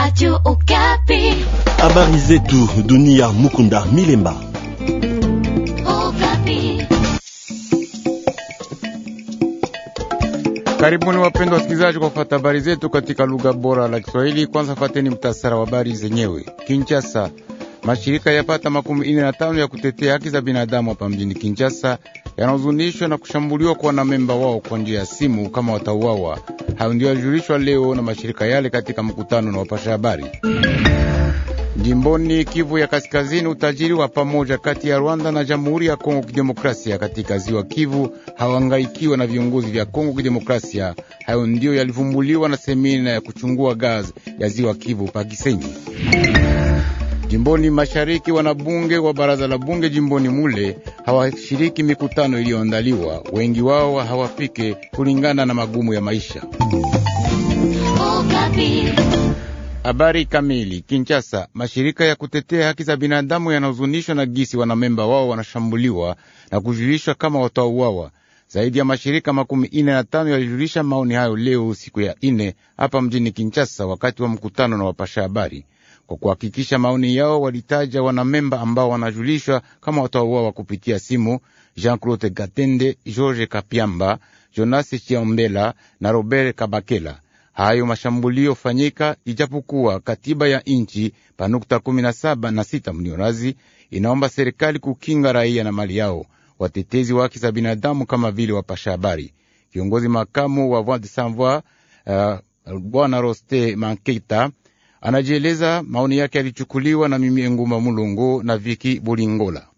Radio Okapi. Habari zetu dunia, Mukunda Milemba. Okapi. Karibuni wapendwa wasikilizaji kwa kufuata habari zetu katika lugha bora la Kiswahili. Kwanza fateni mtasara wa habari zenyewe. Kinshasa Mashirika yapata makumi ine na tano ya kutetea haki za binadamu hapa mjini Kinshasa yanahuzunishwa na kushambuliwa kwa wanamemba wao kwa njia ya simu kama watauawa. Hayo ndio yalijulishwa leo na mashirika yale katika mkutano na wapasha habari jimboni Kivu ya Kaskazini. Utajiri wa pamoja kati ya Rwanda na Jamhuri ya Kongo Kidemokrasia katika ziwa Kivu hawangaikiwa na viongozi vya Kongo Kidemokrasia. Hayo ndiyo yalivumbuliwa na semina ya kuchungua gazi ya ziwa Kivu Pakisenyi. Jimboni mashariki, wanabunge wa baraza la bunge jimboni mule hawashiriki mikutano iliyoandaliwa, wengi wao hawafike kulingana na magumu ya maisha. Habari kamili. Kinshasa, mashirika ya kutetea haki za binadamu yanahuzunishwa na gisi wanamemba wao wanashambuliwa na kujulishwa kama watauawa. Zaidi ya mashirika makumi ine na tano yalijulisha maoni hayo leo siku ya ine hapa mjini Kinshasa wakati wa mkutano na wapasha habari. Kwa kuhakikisha maoni yao, walitaja wanamemba ambao wanajulishwa kama watauawa wa kupitia simu: Jean-Claude Gatende, George Kapiamba, Jonas Chiambela na Robert Kabakela. Hayo mashambulio fanyika ijapokuwa katiba ya nchi panukta kumi na saba na sita mniorazi inaomba serikali kukinga raia na mali yao. Watetezi wa haki za binadamu kama vile wapasha habari, kiongozi makamu wa Voix de Sans Voix uh, bwana Roste Manketa anajieleza. Maoni yake yalichukuliwa na Mimi Engumba Mulungu na Viki Bulingola.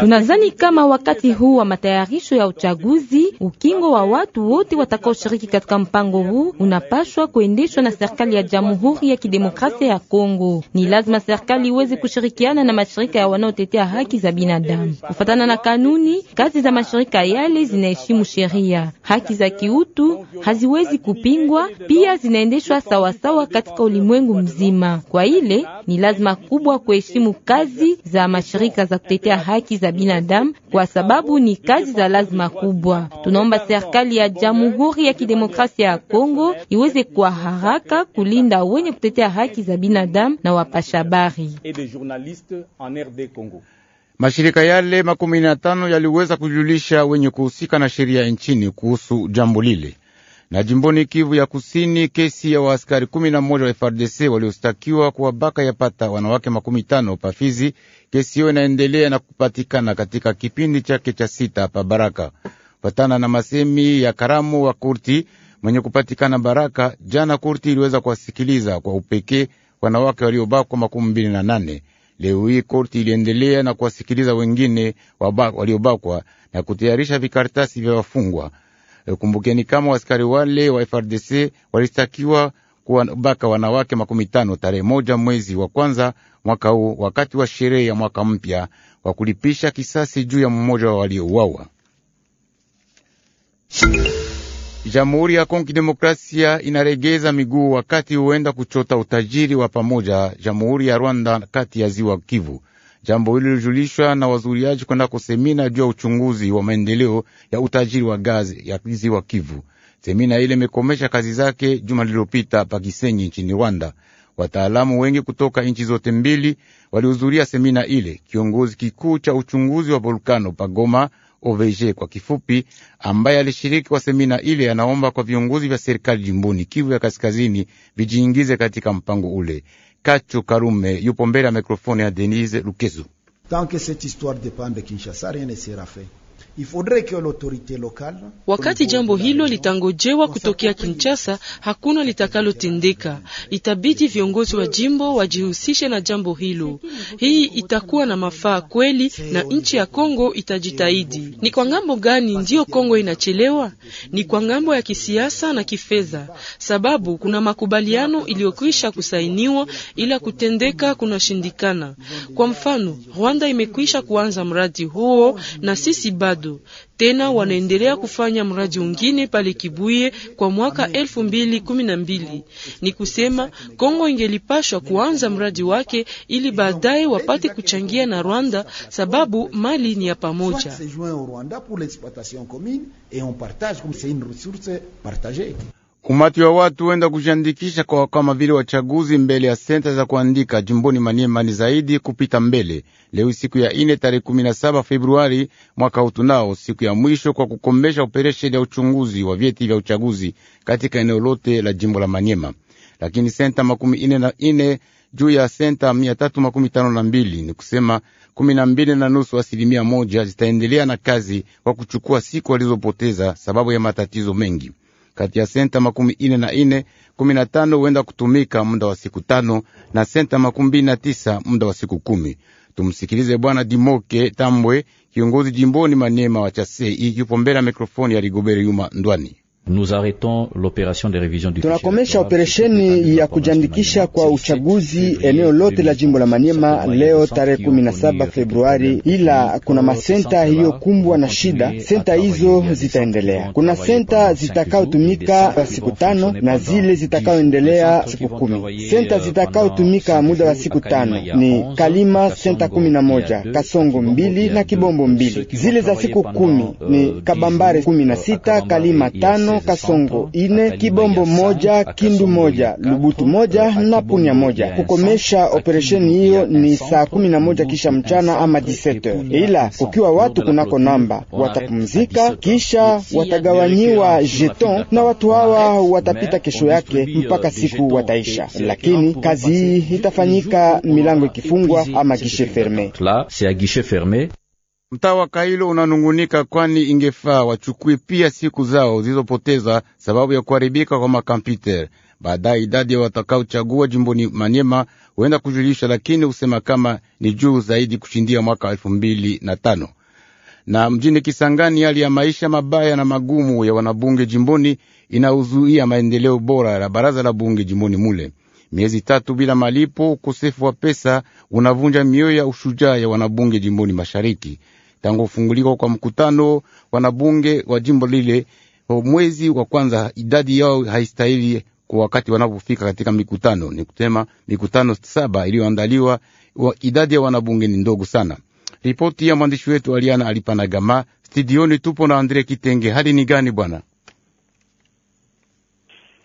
Tunazani kama wakati huu wa matayarisho ya uchaguzi, ukingo wa watu wote watakaoshiriki katika mpango huu unapashwa kuendeshwa na serikali ya Jamhuri ya Kidemokrasia ya Kongo. Ni lazima serikali iweze kushirikiana na mashirika ya wanaotetea haki za binadamu. Kufatana na kanuni, kazi za mashirika yale zinaheshimu sheria. Haki za kiutu haziwezi kupingwa, pia zinaendeshwa sawasawa katika ulimwengu mzima. Kwa ile ni lazima kubwa kuheshimu kuheshimu kazi za mashirika za kutetea haki za binadamu, kwa sababu ni kazi za lazima kubwa. Tunaomba serikali ya Jamhuri ya Kidemokrasia ya Kongo iweze kwa haraka kulinda wenye kutetea haki za binadamu na wapashabari. Mashirika yale makumi na tano yaliweza kujulisha wenye kuhusika na sheria nchini kuhusu jambo lile. Na jimboni Kivu ya Kusini, kesi ya waaskari kumi na moja wa FRDC waliostakiwa kuwabaka yapata wanawake makumi tano Pafizi. Kesi hiyo inaendelea na kupatikana katika kipindi chake cha sita pa Baraka, patana na masemi ya karamu wa kurti mwenye kupatikana Baraka. Jana kurti iliweza kuwasikiliza kwa upekee wanawake waliobakwa makumi mbili na nane. Leo hii korti iliendelea na kuwasikiliza wengine waliobakwa na kutayarisha vikaratasi vya wafungwa. E, kumbukeni kama askari wale wa FRDC walistakiwa kuwabaka wanawake makumi tano tarehe moja mwezi wa kwanza mwaka huu wakati wa sherehe ya mwaka mpya wa kulipisha kisasi juu ya mmoja wa waliouawa. Jamhuri ya Kongo Demokrasia inaregeza miguu wakati huenda kuchota utajiri wa pamoja jamhuri ya Rwanda kati ya ziwa Kivu. Jambo hili lilijulishwa na wazuriaji kwenda kusemina juu ya uchunguzi wa maendeleo ya utajiri wa gazi ya ziwa Kivu. Semina ile imekomesha kazi zake juma lililopita pakisenyi nchini Rwanda. Wataalamu wengi kutoka nchi zote mbili walihudhuria semina ile. Kiongozi kikuu cha uchunguzi wa volkano Pagoma OVG kwa kifupi, ambaye alishiriki kwa semina ile, anaomba kwa viongozi vya serikali jimboni Kivu ya Kaskazini vijiingize katika mpango ule. Kachu Karume yupo mbele ya mikrofoni ya Denise Lukezu. Tant que cette histoire dépend de Kinshasa, rien ne sera fait. Wakati jambo hilo litangojewa kutokea Kinshasa, hakuna litakalotendeka. Itabidi viongozi wa jimbo wajihusishe na jambo hilo. Hii itakuwa na mafaa kweli, na nchi ya Kongo itajitahidi. Ni kwa ngambo gani ndiyo Kongo inachelewa? Ni kwa ngambo ya kisiasa na kifedha, sababu kuna makubaliano iliyokwisha kusainiwa, ila kutendeka kunashindikana. Kwa mfano, Rwanda imekwisha kuanza mradi huo na sisi bado bado tena wanaendelea kufanya mradi ungine pale Kibuye kwa mwaka elfu mbili kumi na mbili. Ni kusema Kongo ingelipashwa kuanza mradi wake ili baadaye wapate kuchangia na Rwanda, sababu mali ni ya pamoja. Umati wa watu wenda kujiandikisha kwa kama vile wachaguzi mbele ya senta za kuandika jimboni Maniema ni zaidi kupita mbele. Leo siku ya ine tarehe 17 Februari mwaka utunao, siku ya mwisho kwa kukomesha operesheni ya uchunguzi wa vyeti vya uchaguzi katika eneo lote la jimbo la Maniema, lakini senta makumi ine na ine juu ya senta mia tatu makumi tano na mbili ni kusema kumi na mbili na nusu asilimia moja zitaendelea na kazi kwa kuchukua siku walizopoteza sababu ya matatizo mengi kati ya senta makumi ine na ine kumi na tano huenda kutumika muda wa siku tano na senta makumi mbili na tisa muda wa siku kumi. Tumsikilize Bwana Dimoke Tambwe, kiongozi jimboni manema wa chasei yupo mbele ya mikrofoni ya Rigobere Yuma Ndwani. Tunakomesha operesheni ya kujiandikisha kwa uchaguzi eneo lote la jimbo la Maniema leo tarehe 17 Februari, ila kuna masenta iliyokumbwa na shida. Senta hizo zitaendelea. Kuna senta zitakaotumika wa siku tano na zile zitakaoendelea siku kumi. Senta euh, zitakaotumika muda wa siku tano ni Kalima senta kumi na moja, Kasongo mbili na Kibombo mbili. Zile za siku kumi ni euh, Kabambare kumi na euh, sita, Kalima tano Kasongo ine Kibombo moja Kindu moja Lubutu moja na Punya moja. Kukomesha operesheni hiyo ni saa kumi na moja kisha mchana ama 17 ila kukiwa watu kunako namba watapumzika, kisha watagawanyiwa jeton na watu hawa watapita kesho yake mpaka siku wataisha, lakini kazi hii itafanyika milango ikifungwa ama gishe ferme. Mtaa wa Kailo unanungunika, kwani ingefaa wachukue pia siku zao zilizopoteza sababu ya kuharibika kwa makampitere. Baadaye idadi ya watakaochagua jimboni Manyema huenda kujulisha, lakini husema kama ni juu zaidi kushindia mwaka elfu mbili na tano. Na mjini Kisangani, hali ya maisha mabaya na magumu ya wanabunge jimboni inauzuia maendeleo bora la baraza la bunge jimboni mule. Miezi tatu bila malipo, ukosefu wa pesa unavunja mioyo ya ushujaa ya wanabunge jimboni mashariki tangu kufunguliwa kwa mkutano wanabunge wa jimbo lile mwezi wa kwanza, idadi yao haistahili kwa wakati wanapofika katika mikutano. Ni kusema mikutano saba iliyoandaliwa, idadi ya wanabunge ni ndogo sana. Ripoti ya mwandishi wetu Aliana Alipanagama. Studioni tupo na Andre Kitenge. Hali ni gani bwana?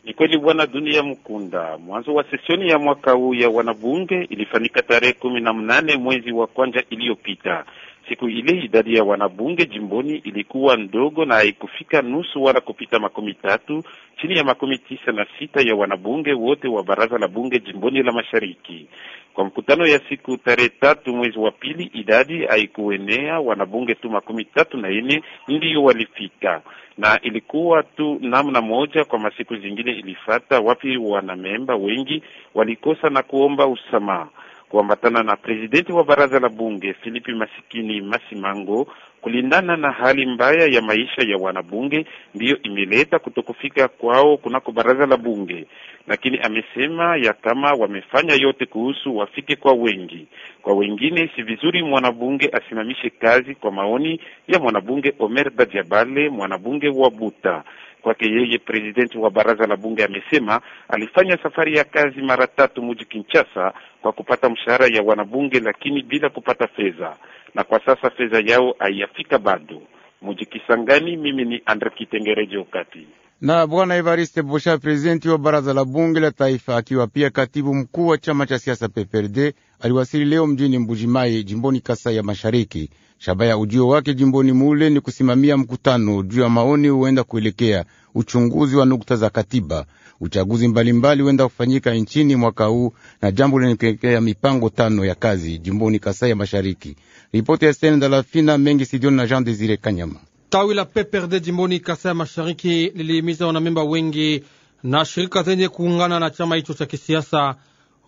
Ni kweli bwana Dunia Mkunda, mwanzo wa sesioni ya mwaka huu ya wanabunge ilifanyika tarehe kumi na mnane mwezi wa kwanza iliyopita. Siku ile idadi ya wanabunge jimboni ilikuwa ndogo na haikufika nusu wala kupita makumi tatu chini ya makumi tisa na sita ya wanabunge wote wa baraza la bunge jimboni la Mashariki. Kwa mkutano ya siku tarehe tatu mwezi wa pili, idadi haikuenea. Wanabunge tu makumi tatu na nne ndiyo walifika, na ilikuwa tu namna moja kwa masiku zingine ilifata, wapi wanamemba wengi walikosa na kuomba usamaha kuambatana na presidenti wa baraza la bunge Filipi Masikini Masimango, kulindana na hali mbaya ya maisha ya wanabunge ndiyo imeleta kutokufika kwao kunako baraza la bunge, lakini amesema ya kama wamefanya yote kuhusu wafike kwa wengi. Kwa wengine si vizuri mwanabunge asimamishe kazi, kwa maoni ya mwanabunge Omer Badiabale, mwanabunge wa Buta. Kwake yeye, presidenti wa baraza la bunge amesema alifanya safari ya kazi mara tatu mji Kinshasa kwa kupata mshahara ya wanabunge, lakini bila kupata fedha, na kwa sasa fedha yao haiyafika bado. Mji Kisangani, mimi ni Andre Kitengereje Ukati na Bwana Evariste Bosha, prezidenti wa baraza la bunge la taifa, akiwa pia katibu mkuu wa chama cha siasa PPRD, aliwasili leo mjini Mbujimai, jimboni Kasai ya Mashariki. Shaba ya ujio wake jimboni mule ni kusimamia mkutano juu ya maoni huenda kuelekea uchunguzi wa nukta za katiba. Uchaguzi mbalimbali huenda kufanyika nchini mwaka huu na jambo lenyekelekea mipango tano ya kazi jimboni Kasai ya Mashariki. Ripoti ya Sene Dalafina Mengi Sidioni na Jean Desire Kanyama. Tawi la PPRD jimboni Kasai ya Mashariki lilihimiza wanamemba wengi na shirika zenye kuungana na chama hicho cha kisiasa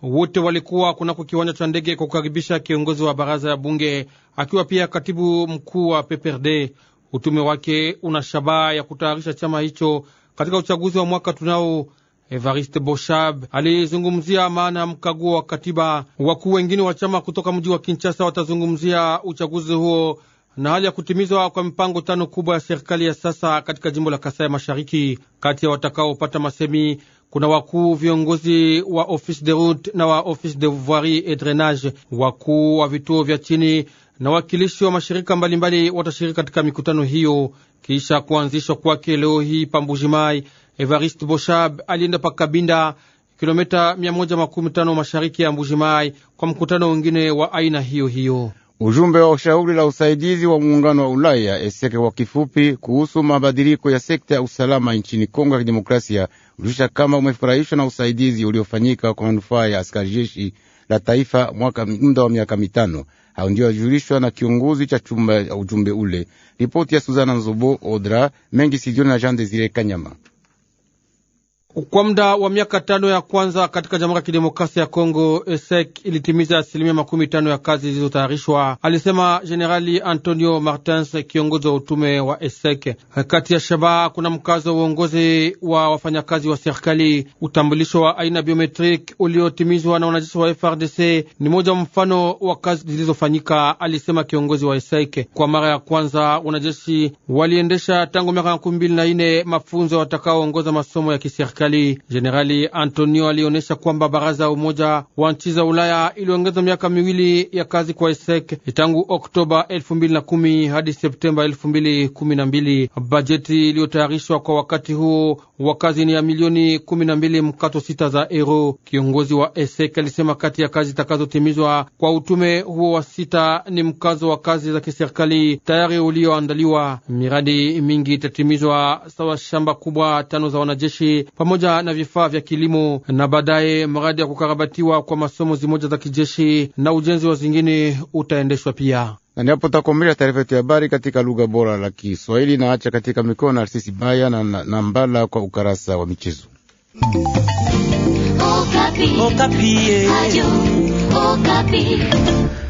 wote walikuwa kunako kiwanja cha ndege kwa kukaribisha kiongozi wa baraza ya bunge akiwa pia katibu mkuu wa PPRD. Utume wake una shabaha ya kutayarisha chama hicho katika uchaguzi wa mwaka tunao. Evariste Boshab alizungumzia maana ya mkaguo wa katiba. Wakuu wengine wa chama kutoka mji wa Kinshasa watazungumzia uchaguzi huo na hali ya kutimizwa kwa mipango tano kubwa ya serikali ya sasa katika jimbo la Kasai Mashariki. Kati ya watakaopata masemi kuna wakuu viongozi wa office de route na wa office de voirie et drainage, wakuu wa vituo vya chini na wakilishi wa mashirika mbalimbali watashiriki katika mikutano hiyo. Kisha kuanzishwa kwake leo hii Pambujimai, Evariste Boshab alienda Pakabinda, kilomita 115 mashariki ya Mbujimai, kwa mkutano wengine wa aina hiyo hiyo. Ujumbe wa ushauri la usaidizi wa muungano wa Ulaya eseke kwa kifupi, kuhusu mabadiliko ya sekta ya usalama nchini Kongo ya Kidemokrasia ulisha kama umefurahishwa na usaidizi uliofanyika kwa manufaa ya askari jeshi la taifa mwaka muda wa miaka mitano. Hao ndio wajulishwa na kiongozi cha chumba ya ujumbe ule. Ripoti ya Suzana Nzobo Odra mengi Sijoni na Jean Desire Kanyama. Kwa muda wa miaka tano ya kwanza katika Jamhuri ya Kidemokrasia ya Kongo, ESEC ilitimiza asilimia makumi tano ya kazi zilizotayarishwa, alisema Generali Antonio Martins, kiongozi wa utume wa ESEC. Kati ya shabaha kuna mkazo wa uongozi wa wafanyakazi wa serikali. Utambulisho wa aina biometriki uliotimizwa na wanajeshi wa FRDC ni moja mfano wa kazi zilizofanyika, alisema kiongozi wa ESEC. Kwa mara ya kwanza wanajeshi waliendesha tangu miaka makumi mbili na nne mafunzo watakaoongoza masomo ya kiserikali serikali. Jenerali Antonio alionyesha kwamba baraza ya umoja wa nchi za Ulaya iliongeza miaka miwili ya kazi kwa ESEC tangu Oktoba 2010 hadi Septemba 2012. Bajeti iliyotayarishwa kwa wakati huo wakazi ni ya milioni kumi mbili mkato sita za ero. Kiongozi wa ESEK alisema kati ya kazi zitakazotimizwa kwa utume huo wa sita ni mkazo wa kazi za kiserikali tayari ulioandaliwa. Miradi mingi itatimizwa sawa shamba kubwa tano za wanajeshi pamoja na vifaa vya kilimo, na baadaye mradi ya kukarabatiwa kwa masomo zimoja za kijeshi na ujenzi wa zingine utaendeshwa pia na ndipo takomesha taarifa yetu ya habari katika lugha bora la Kiswahili na acha katika mikono na Arsisi Baya na, na, na Mbala kwa ukarasa wa michezo Okapi. Okapi. Eh.